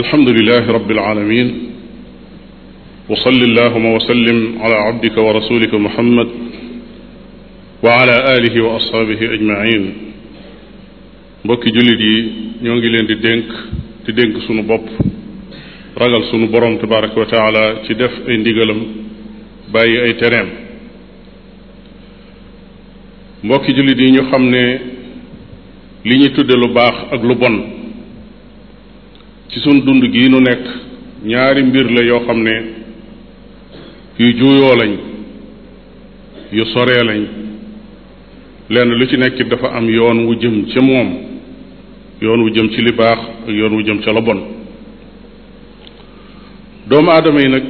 alhamdulilahi rabbil aalamiin wa salli allaahumma wa sallim alaa abdika wa rasuulika muhammad wa alaa aalihi yi ñoo ngi leen di dénk di dénk sunu bopp ragal sunu borom tabaaraka wa taala ci def ay ndigalam bàyyi ay tereem mbokki jullit yi ñu xam ne li ñu tudde lu baax ak lu bon ci sunu dund gii nu nekk ñaari mbir la yoo xam ne yu juuyoo lañ yu soree lañ lenn lu ci nekk dafa am yoon wu jëm ca moom yoon wu jëm ci li baax ak yoon wu jëm ca la bon doomu aadama yi nag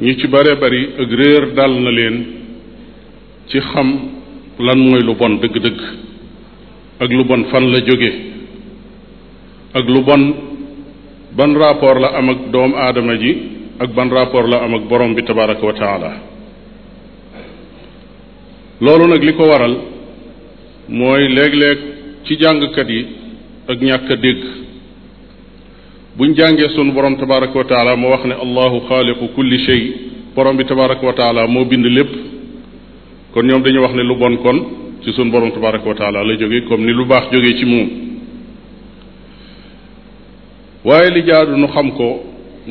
ñu ci bare bari ak réer dal na leen ci xam lan mooy lu bon dëgg-dëgg ak lu bon fan la jóge ak lu bon ban rapport la am ak doomu aadama ji ak ban rapport la am ak borom bi tabaraka wa taala loolu nag li ko waral mooy léeg-léeg ci jàngkat yi ak ñàkk a dégg buñ jàngee sunu borom tabaraka wa taala moo wax ne allahu xaaliqu kulli shay borom bi tabaraka wa taala moo bind lépp kon ñoom dañu wax ne lu bon kon ci sunu borom tabaraka wa taala la jóge comme ni lu baax jógee ci moom waaye li jaadu nu xam ko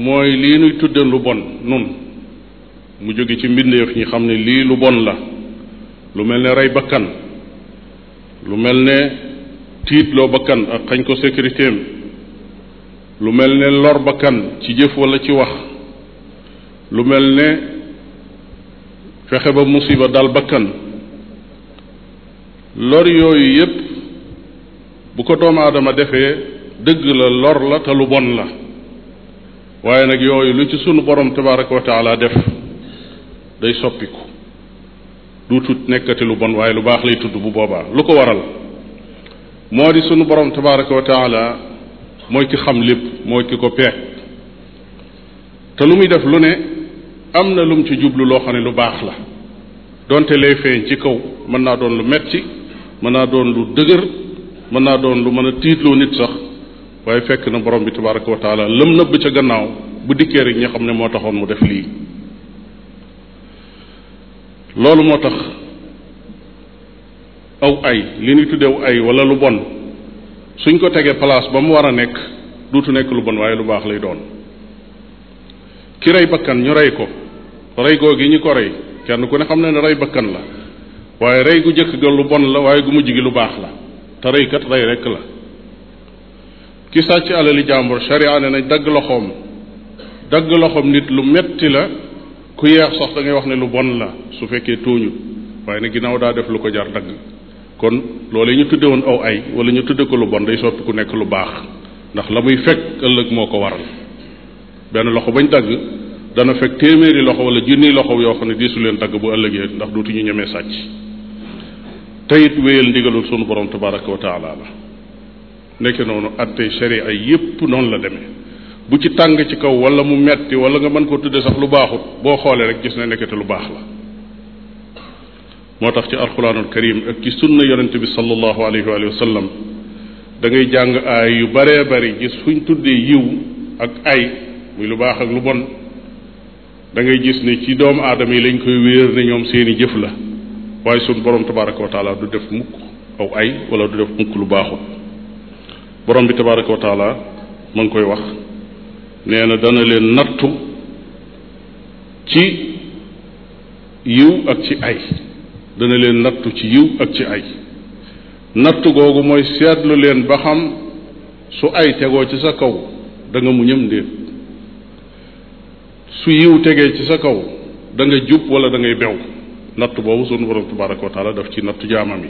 mooy lii nuy tudde lu bon nun mu jóge ci mbindeef ñi xam ne lii lu bon la lu mel ne rey bakkan lu mel ne tiitloo bakkan ak xañ ko sécurité lu mel ne lor bakkan ci jëf wala ci wax lu mel ne fexe ba musiba dal bakkan lor yooyu yépp bu ko doomu aadama defee dëgg la lor la te lu bon la waaye nag yooyu lu ci sunu borom tabaraka wa taala def day soppiku duutut nekkati lu bon waaye lu baax lay tudd bu boobaa lu ko waral moo di sunu borom tabaraka wa taala mooy ki xam lépp mooy ki ko peeg te lu muy def lu ne am na lum ci jublu loo xam ne lu baax la donte lay feeñ ci kaw mën naa doon lu metti mën naa doon lu dëgër mën naa doon lu mën a tiitloo nit sax waaye fekk na borom bi tabaraka wa taala lëm nëbb ca gannaaw bu dikkee rek ñi xam ne moo taxoon mu def lii loolu moo tax aw ay li ñuy tuddeew ay walla lu bon suñ ko tegee place ba mu war a nekk duutu nekk lu bon waaye lu baax lay doon ki rey bakkan ñu rey ko rey goo gi ñu ko rey kenn ku ne xam ne ne rey bakkan la waaye rey gu jëkk ga lu bon la waaye gu mujj gi lu baax la te reykat rey rek la ki sàcc alali jàmbur sharia ne nañ dagg loxoom dagg loxoom nit lu metti la ku yeex sax da wax ne lu bon la su fekkee tooñu waaye ne ginnaaw daa def lu ko jar dagg kon loolu ñu tudde woon aw ay wala ñu tudde ko lu bon day soppi ku nekk lu baax ndax la muy fekk ëllëg moo ko waral benn loxo bañ dagg dana fekk téeméeri loxo wala junniy loxo yoo xam ne diisu leen dagg bu ëllëgee ndax dootuñu ñemee sàcc te it wéyal ndigalul sunu borom tabaraka wa taala nekk noonu attey sharia yépp noonu la demee bu ci tàng ci kaw wala mu metti wala nga mën koo tuddee sax lu baaxut boo xoolee rek gis ne nekkete lu baax la moo tax ci alquranul karim ak ci sunna yonente bi sallallahu alayhi wa sallam da ngay jàng aay yu baree bari gis fuñ tuddee yiw ak ay muy lu baax ak lu bon dangay ngay gis ne ci doomu aadama yi lañ koy wéer ne ñoom seeni jëf la waaye sun borom tabaraka wa taala du def mukk aw ay wala du def mukk lu baaxut borom bi tabaraka wa taala ngi koy wax nee na dana leen nattu ci yiw ak ci ay dana leen nattu ci yiw ak ci ay nattu googu mooy seetlu leen ba xam su ay tegoo ci sa kaw da nga muñam ndéet su yiw tegee ci sa kaw da jub wala dangay ngay bew natt boobu sunu borom tabaraka wa def ci nattu jaamam yi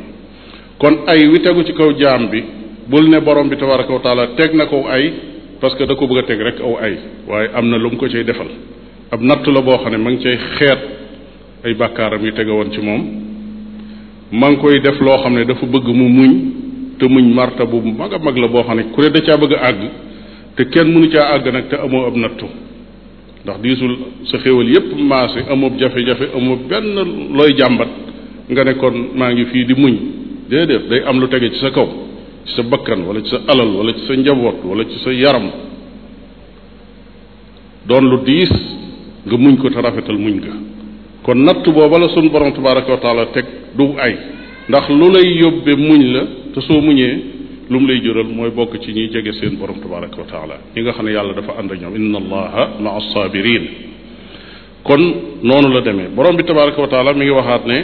kon ay wi tegu ci kaw jaam bi bul ne borom bi tabaraka wa taala teg na ko ay parce que da ko bëgg a teg rek aw ay waaye am na lu mu ko cay defal ab natt la boo xam ne ma ngi cay xeet ay bàkkaaram yu tege woon ci moom ma ngi koy def loo xam ne dafa bëgg mu muñ te muñ marta bu mag a mag la boo xam ne ku ne da caa bëgg àgg te kenn mënu caa àgg nag te amoo ab nattu ndax diisul sa xéwal yépp maase amoo jafe-jafe amoo benn looy jàmbat nga nekkoon maa ngi fii di muñ déedéet day am lu tege ci sa kaw ci sa bakkan wala ci sa alal wala ci sa njaboot wala ci sa yaram doon lu diis nga muñ ko te rafetal muñ nga kon natt booba la sunu borom tabaraka wa taala teg du ay ndax lu lay yóbbe muñ la te soo muñee lu mu lay jural mooy bokk ci ñuy jege seen borom tabaraka wa taala ñi nga xam ne yàlla dafa ànd ak ñoom inna allaha maa sabirin kon noonu la demee borom bi tabaraka wa taala mi ngi waxaat ne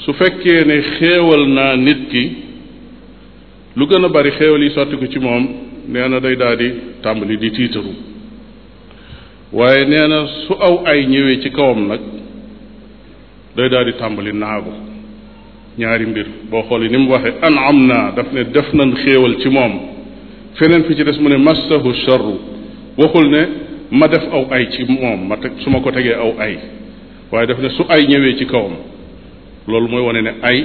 su fekkee ne xéewal naa nit ki lu gën a bari xéewal yi sotti ko ci moom nee na day daal tàmbali di tiitaru waaye nee na su aw ay ñëwee ci kawam nag day daal tàmbali naagu ñaari mbir boo xoolee ni mu waxee anam naa daf ne def na xéewal ci moom feneen fi ci des mu ne massahu charru waxul ne ma def aw ay ci moom ma su ma ko tegee aw ay waaye daf ne su ay ñëwee ci kawam loolu mooy wane ne ay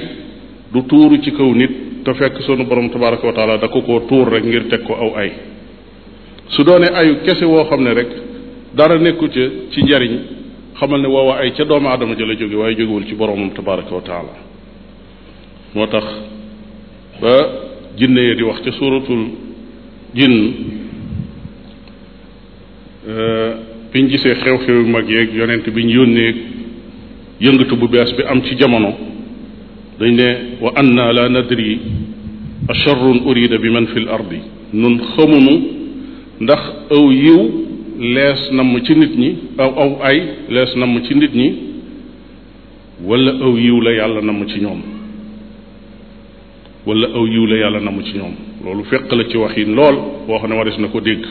du tuuru ci kaw nit te fekk sunu borom tabaraka wa taala da ko koo tuur rek ngir teg ko aw ay su doonee ayu kese woo xam ne rek dara nekku ca ci njariñ xamal ne woowa ay ca doomu aadama ja jóge waaye jógewul ci boromam tabaraka wa taala moo tax ba jinne yi di wax ca suuratul jinn eh, biñ gisee xew-xew yu mag yeeg yonent ñu yónnee yëngatu bu bees bi am ci jamono dañ ne wa anna la nadri acharrun urida bi man fi l ardi nun xamunu ndax aw yiw lees namm ci nit ñi aw aw ay lees namm ci nit ñi wala aw yiw la yàlla namm ci ñoom wala aw yiw la yàlla namm ci ñoom loolu fekk la ci wax yi lool boo xam ne waris na ko dégg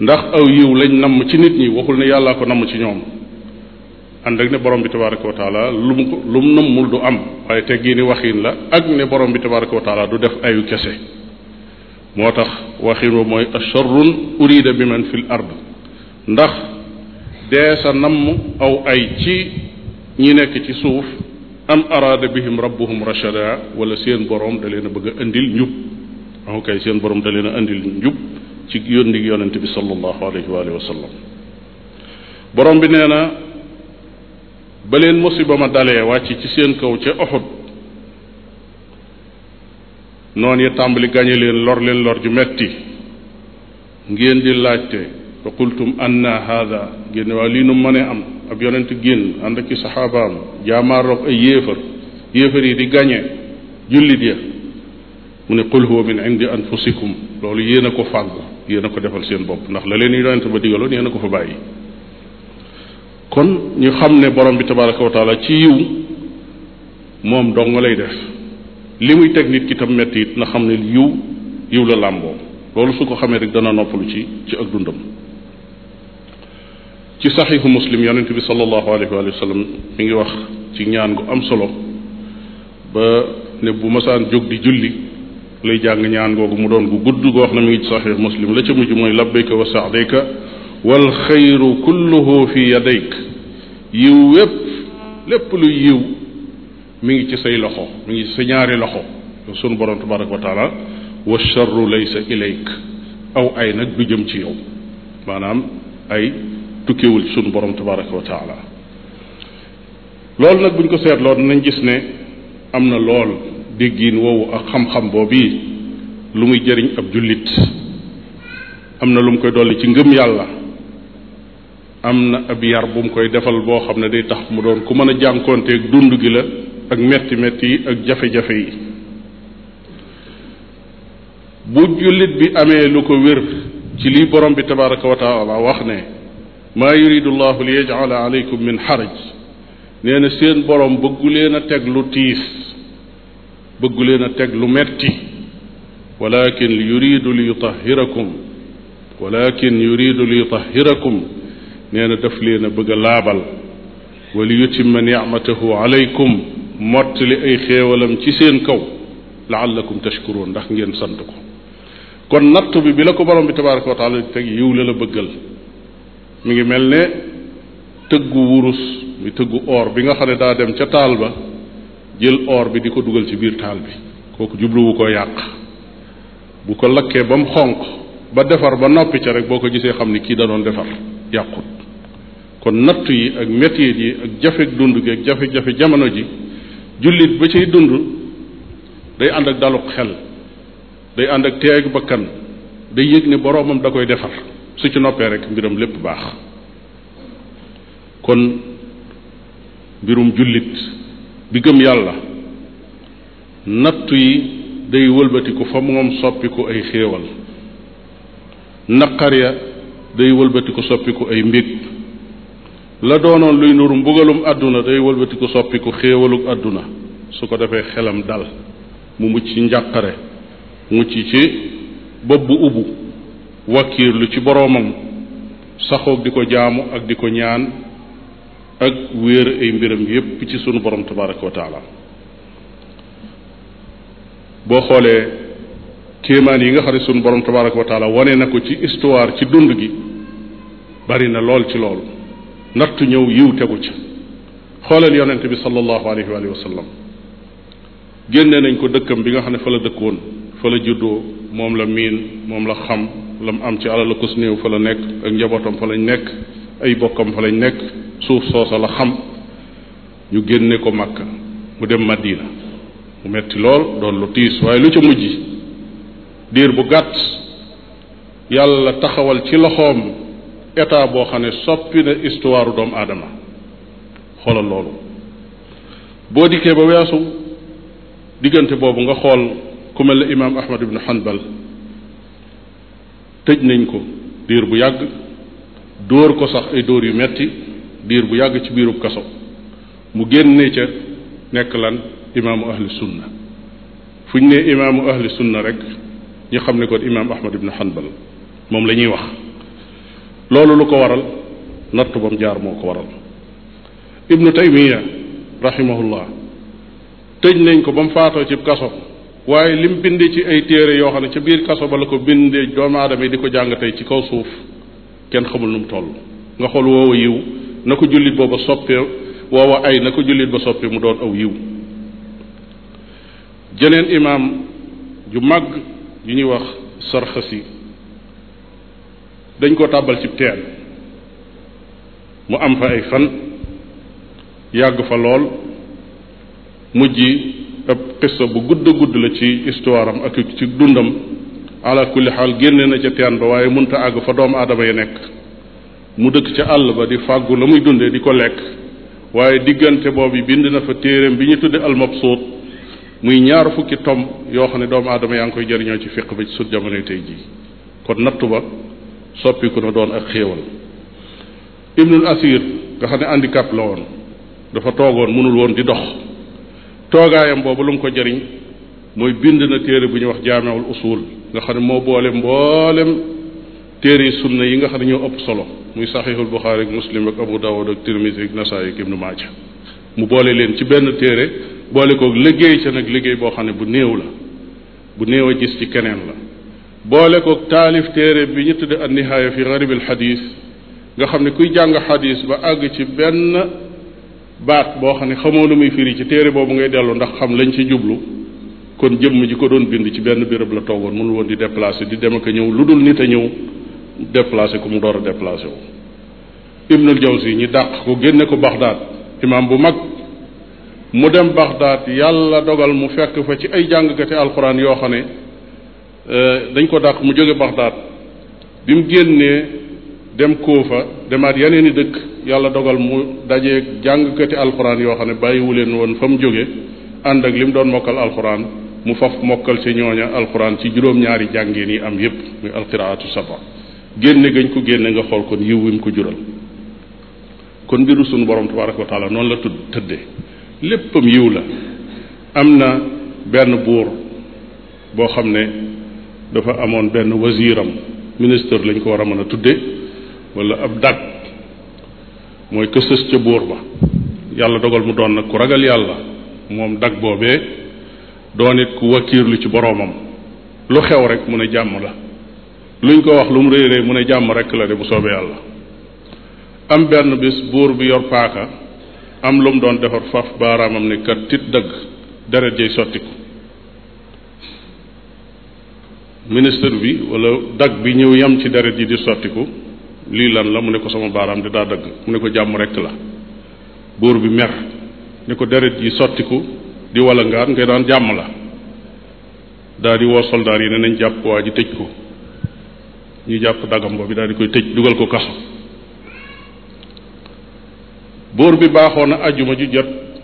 ndax aw yiw lañ namm ci nit ñi waxul ne yàllaa ko namm ci ñoom ànd ak ne borom bi tabaraka wa taala lu mu ko lu mu nëmmul du am waaye teggiini waxiin la ak ne borom bi tabaraka wa taala du def ayu kese moo tax waxiin wa mooy asharrun urida bi man fil ard ndax dee sa namm aw ay ci ñi nekk ci suuf am araada bihim rabbuhum rachada wala seen borom da leen bëgg a indil njub aw kay seen borom da leen a indil njub ci yónni yonent bi sallallahu alayhi wa sallam borom bi nee na ba leen musiba ma dalee wàcc ci seen kaw ca Uhud noon ya tàmbali gañe leen lor leen lor ju metti ngeen di laajte fa qultum anna haada ngeen waaw lii nu mënee am ab yonent génn ànd ak i saxaabaam jaamaaroog ay yéefar yéefar yi di gañe jullit ya mu ne qul huwa min indi anfusikum loolu yéen a ko fàggu yéen a ko defal seen bopp ndax la leen yonent ba digaloon yéen a ko fa bàyyi kon ñu xam ne borom bi tabaraka wa taala ci yiw moom dong lay def li muy teg nit ki tam metti it na xam ne yiw yiw la làmboo loolu su ko xamee rek dana noppalu ci ci ak dundam ci saxiixu muslim yonente bi sallallahu alayhi wa sallam mi ngi wax ci ñaan gu am solo ba ne bu masaan jóg di julli lay jàng ñaan googu mu doon gu gudd goo wax ne mu ngi ci saxiixu muslim la ca mujj mooy labbayka wa saadayka wal xayru kulluhu fi yadayk yiw wépp lépp lu yiw mi ngi ci say loxo mu ngi ci sa ñaari loxo sunu borom tabaraka wa taala wa charru laysa ilayk aw ay nag du jëm ci yow maanaam ay tukkewul ci sunu borom tabaraka wa taala loolu nag buñ ko seetloo dinañ gis ne am na lool déggiin woowu ak xam-xam boobu lu muy jëriñ ab jullit am na lu mu koy dolli ci ngëm yàlla am na ab yar bu mu koy defal boo xam ne day tax mu doon ku mën a jànkoonteeg dund gi la ak metti metti ak jafe-jafe yi bu jullit bi amee lu ko wér ci lii borom bi tabaraka wa taala wax ne maa yuridu llahu li yajala aleykum min xaraj nee na seen borom bëggu teg lu tiis bëggu leen a teg lu metti walakin yuridu li yutahirakum walakin yuridu li yutahirakum nee na daf leen a bëgg a laabal wa li yutimma ni'matahu alaykum mottali ay xéewalam ci seen kaw laallakum tashkuruun ndax ngeen sant ko kon nattu bi bi la ko borom bi tabaraka wa taala teg yiw la la bëggal mu ngi mel ne tëggu wurus mi tëggu or bi nga xam ne daa dem ca taal ba jël or bi di ko dugal ci biir taal bi kooku jubluwu koo yàq bu ko lakkee ba mu xonq ba defar ba noppi ca rek boo ko gisee xam ni kii da defar yàqut kon nattu yi ak métier yi ak jafe dund gi ak jafe-jafe jamono ji jullit ba ciy dund day ànd ak daluk xel day ànd ak teeyug bakkan day yëg ne boroomam da koy defar su ci noppee rek mbiram lépp baax kon mbirum jullit bi gëm yàlla nattu yi day wëlbatiku fa moom soppiku ay xéewal naqar ya day wëlbatiku soppiku ay mbég la doonoon luy nuru mbugalum àdduna day wëlbatiku soppiku xéewalug àdduna su ko defee xelam dal mu mucc ci njàqare mucc ci bopp bu ubbu lu ci boroomam saxoog di ko jaamu ak di ko ñaan ak wéer ay mbiram yépp ci sunu borom tabaraka wa taala boo xoolee kéemaan yi nga xam ne sunu borom tabaraka wa taala wane na ko ci histoire ci dund gi bari na lool ci loolu nattu ñëw yiw tegu ca xoolal yonent bi sallallahu alayhi wa sallam génne nañ ko dëkkam bi nga xam ne fa la dëkkoon fa la juddoo moom la miin moom la xam la mu am ci alal la kus néew fa la nekk ak njabootam fa lañ nekk ay bokkam fa lañ nekk suuf soosa la xam ñu génne ko Makka mu dem Madina mu metti lool doon lu tiis waaye lu ca mujj diir bu gàtt yàlla taxawal ci loxoom état boo xam ne soppi na histoire doomu aadama xoolal loolu boo dikkee ba weesu diggante boobu nga xool ku mel ne imaam Ahmad ibn xanbal tëj nañ ko diir bu yàgg dóor ko sax ay dóor yu metti diir bu yàgg ci biirub kaso mu génne ca nekk lan imaamu ahli sunna fu ñu nee imaamu ahli sunna rek ñu xam ne kon imaam Ahmad ibn Hanbal moom la ñuy wax loolu lu ko waral nattu bam jaar moo ko waral ibnu taymiya rahimahullah tëj nañ ko ba mu faatoo ci kaso waaye li mu bindee ci ay téere yoo xam ne ca biir kaso ba la ko bindee doomu aadama yi di ko jàng tey ci kaw suuf kenn xamul nu mu nga xool woowa yiw na ko jullit booba soppee woowa ay na ko jullit ba soppee mu doon aw yiw jeneen imaam ju mag ju ñuy wax sarxasi dañ ko tàbbal cib teen mu am fa ay fan yàgg fa lool mujj ab xissa bu gudd gudd la ci histoire am ak ci dundam ala kulli xaal génne na ca teen ba waaye mënta àgg fa doomu aadama yi nekk mu dëkk ca àll ba di fàggu la muy dundee di ko lekk waaye diggante boobu bind na fa téereem bi ñu tudde almabsuut muy ñaar fukki tom yoo xam ne doomu aadama yaa ngi koy jëriñoo ci fiq ba ci sut jamonoy tey jii kon nattu ba soppiku na doon ak xéewal ibnul asir nga xam ne handicap la woon dafa toogoon mënul woon di dox toogaayam boobu lu mu ko jariñ mooy bind na téere bu ñuy wax jaamewul usul nga xam ne moo boole mboolem téere yi sunna yi nga xam ne ñoo ëpp solo muy saxiixul buxaari ak muslim ak abu dawud ak tirmisi ak nasaay ak ibnu maaja mu boole leen ci benn téere boole koog liggéey ca nag liggéey boo xam ne bu néew la bu néew a gis ci keneen la boole ko taalif téere bi ñu tudde an nihaaya fi garibil xadis nga xam ne kuy jàng xadis ba àgg ci benn baat boo xam ne xamoo lu muy firi ci téere boobu ngay dellu ndax xam lañ ci jublu kon jëmm ji ko doon bind ci benn béréb la toogoon mënul woon di déplacé di dem ak ñëw lu dul nit a ñëw déplacé ko mu door a déplacé wu ibnul jawzi ñi dàq ko génne ko baxdaad imaam bu mag mu dem baxdaad yàlla dogal mu fekk fa ci ay jàngkati alxuraan yoo xam ne Euh, dañ ko dàq mu jóge Baxdaad bi mu génnee dem Kuufa demaat yeneen i dëkk yàlla dogal mu dajeeg jàngkati alxuraan yoo xam ne bàyyiwu leen woon fa mu jóge ànd ak li mu doon mokkal alxuraan mu faf mokkal si ñooña alxuraan ci juróom-ñaari jàngeen yi am yépp muy alqiraatu saba génne gañ ko génne nga xool kon yiw wi mu ko jural kon mbiru sunu borom tabaraka wa taala noonu la tudd tëdde léppam yiw la am na benn buur boo xam ne dafa amoon benn wasiiram ministre lañ ko war a mën a tudde wala ab dag mooy que ca buur ba yàlla dogal mu doon nag ku ragal yàlla moom dag boobee doon it ku lu ci boroomam lu xew rek mu ne jàmm la luñ ko wax lu mu réeree mu ne jàmm rek la de bu soobee yàlla am benn bis buur bi yor paaka am lu mu doon defar faf baaraamam ne kat tit dëgg deret jay sottiku ministre bi wala dagg bi ñëw yam ci deret yi di sottiku lii lan la mu ne ko sama baaraam di daa dagg mu ne ko jàmm rekk la buur bi mer ne ko deret yi sottiku di walangaan ngay daan jàmm la daal di woo soldaar yi ne nañ jàpp waa ji tëj ko ñu jàpp dagambo bi daal di koy tëj dugal ko kaso buur bi baaxoo na ajuma ju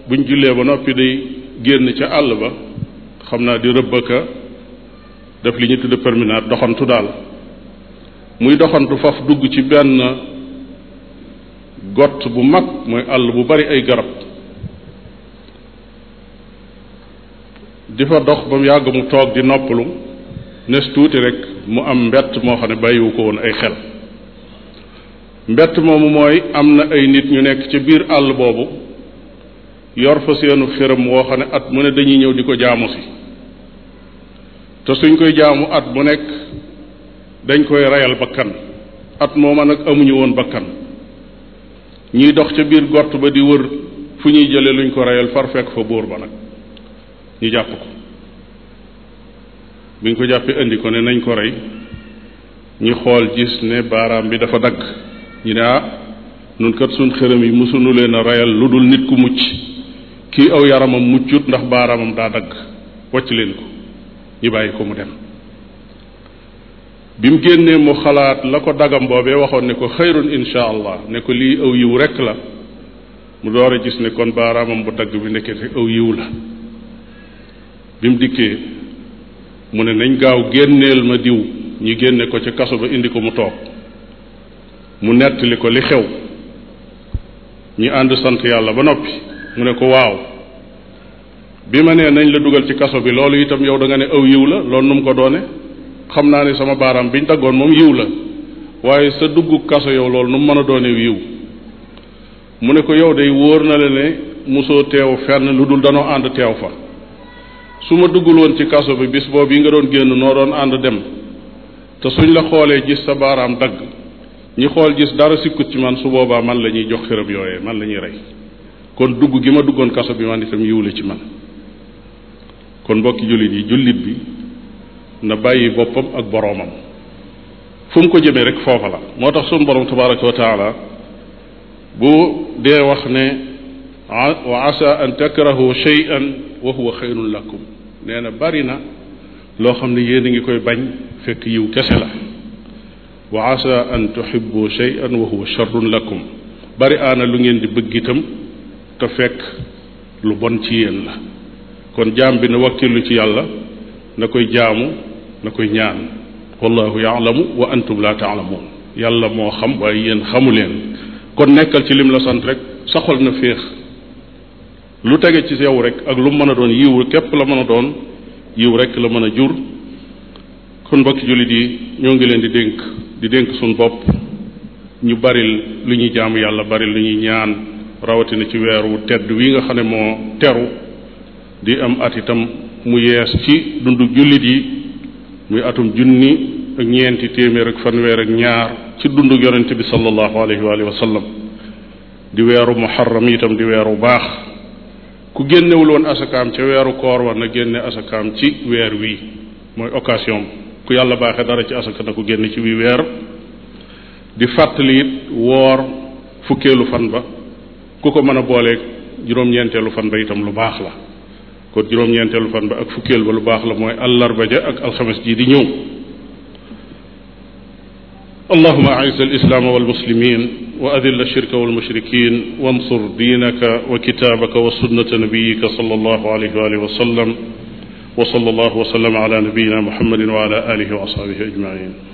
bu ñu jullee ba noppi day génn ca àll ba xam naa di rëbb ka def li ñu tudde promenade doxantu daal muy doxantu faf dugg ci benn gott bu mag mooy àll bu bari ay garab di fa dox ba mu yàgg mu toog di noppalu nes tuuti rekk mu am mbett moo xam ne bàyyiwu ko woon ay xel mbett moomu mooy am na ay nit ñu nekk ci biir àll boobu yor fa seenu xërëm woo xam ne at mu ne dañuy ñëw di ko jaamu si te suñ koy jaamu at bu nekk dañ koy reyal bakkan at mooma nag amuñu woon bakkan ñuy dox ca biir gott ba di wër fu ñuy jële luñ ko reyal far fekk fa buur ba nag ñu jàpp ko biñ ko jàppee indi ko ne nañ ko rey ñu xool gis ne baaraam bi dafa dagg ñu ne ah nun kat suñ xërëm yi mësunu leen a reyal lu dul nit ku mucc kii aw yaramam muccut ndax baaraamam daa dagg wocc leen ko ñu bàyyi ko mu dem bi mu génnee mu xalaat la ko dagam boobee waxoon ne ko xayrun insha allah ne ko lii aw yiw rek la mu door a gis ne kon baaraamam bu dagg bi nekkete aw yiw la bi mu dikkee mu ne nañ gaaw génneel ma diw ñi génne ko ca kaso ba indi ko mu toog mu nettali ko li xew ñu ànd sant yàlla ba noppi mu ne ko waaw bi ma nee nañ la dugal ci kaso bi loolu itam yow da nga ne aw yiw la loolu nu mu ko doone xam naa ne sama baaraam bi ñu daggoon moom yiw la waaye sa dugg kaso yow loolu nu mu mën a doone yiw mu ne ko yow day wóor na la ne mosoo teew fenn lu dul danoo ànd teew fa su ma duggul woon ci kaso bi bis boobu yi nga doon génn noo doon ànd dem te suñ la xoolee gis sa baaraam dagg ñi xool gis dara sikkut ci man su boobaa man la ñuy jox xërëb yooyee man la ñuy rey kon dugg gi ma duggoon kaso bi man itam yiw la ci man kon mbokki jullit yi jullit bi na bàyyi boppam ak boroomam fu mu ko jëmee rek foofa la moo tax sunu borom tabaraka wa taala bu dee wax ne wa asa an takrahu wa huwa xayrun lakum nee na bari na loo xam ne yéen a ngi koy bañ fekk yiw kese la wa asa an wa huwa sharrun lakum bari aana lu ngeen di bëgg itam te fekk lu bon ci yéen la kon jaam bi na lu ci yàlla na koy jaamu na koy ñaan wallahu yaalamu wa antum la taalamuun yàlla moo xam waaye yéen xamu leen kon nekkal ci lim la sant rek sa na féex lu tege ci yow rek ak lu mën a doon yiw képp la mën a doon yiw rek la mën a jur kon mbokki jullit yi ñoo ngi leen di dénk di dénk suñ bopp ñu baril lu ñuy jaamu yàlla baril lu ñuy ñaan rawatina ci weer wu tedd wi nga xam ne moo teru di am at itam mu yees ci dundu jullit yi muy atum junni ak ñeenti téeméer ak fanweer ak ñaar ci dundu yonent bi sallallahu alayhi wa di weeru muharram itam di weer weeru baax ku génnewul woon asakaam ca weeru koor war na génne ci weer wii mooy occasion ku yàlla baaxee dara ci asaka na ko génne ci wii weer di fàttali it woor fukkeelu fan ba ku ko mën a booleeg juróom-ñeenteelu fan ba itam lu baax la kon juróom-ñeenteelu fan ba ak fukkeel ba lu baax la mooy àllarba ja ak alxames ji di ñëw allahuma aiz alislaama walmuslimin wa adil alshirka walmushrikin wansur diinaka wa kitaabaka wa sunnata nabiyika sal allahu alayhi wa alihi wa sallam wa sal allahu wa sallam ala nabiyina muhammadin wa ala alihi wa ashabihi ajmain